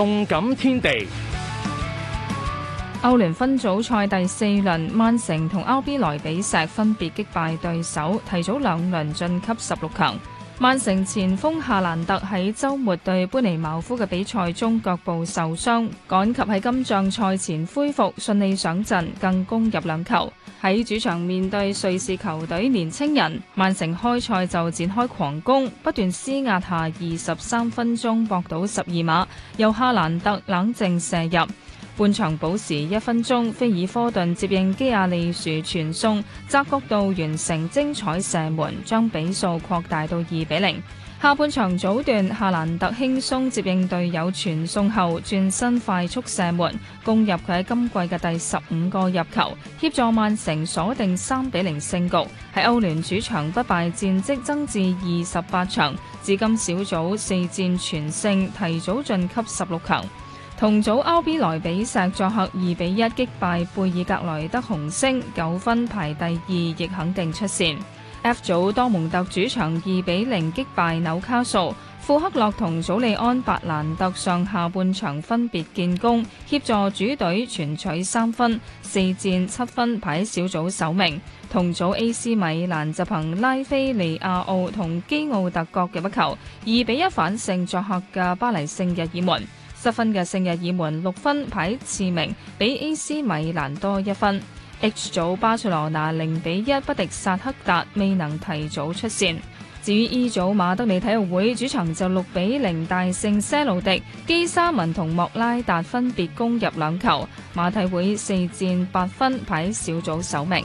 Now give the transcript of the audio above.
動感天地。歐聯分組賽第四輪，曼城同 RB 萊比錫分別擊敗對手，提早兩輪晉級十六強。曼城前鋒夏蘭特喺周末對班尼茅夫嘅比賽中腳部受傷，趕及喺今仗賽前恢復順利上陣，更攻入兩球。喺主場面對瑞士球隊年青人，曼城開賽就展開狂攻，不斷施壓下，二十三分鐘博到十二碼，由夏蘭特冷靜射入。半場補時一分鐘，菲爾科頓接應基亞利樹傳送，側角度完成精彩射門，將比數擴大到二比零。下半場早段，夏蘭特輕鬆接應隊友傳送後轉身快速射門，攻入佢喺今季嘅第十五個入球，協助曼城鎖定三比零勝局，喺歐聯主場不敗戰績增至二十八場，至今小組四戰全勝，提早晉級十六強。同組 RB 萊比錫作客二比一擊敗貝爾格萊德紅星，九分排第二，亦肯定出線。F 組多蒙特主場二比零擊敗紐卡素，庫克洛同祖利安白蘭特上下半場分別建功，協助主隊全取三分，四戰七分排小組首名。同組 AC 米蘭則憑拉菲尼亞奧同基奧特國嘅不球，二比一反勝作客嘅巴黎聖日耳門。失分嘅聖日耳門六分排次名，比 A.C. 米蘭多一分。H 組巴塞羅那零比一不敵薩克達，未能提早出線。至於 E 組馬德里體育會主場就六比零大勝些路迪，基沙文同莫拉達分別攻入兩球，馬體會四戰八分排小組首名。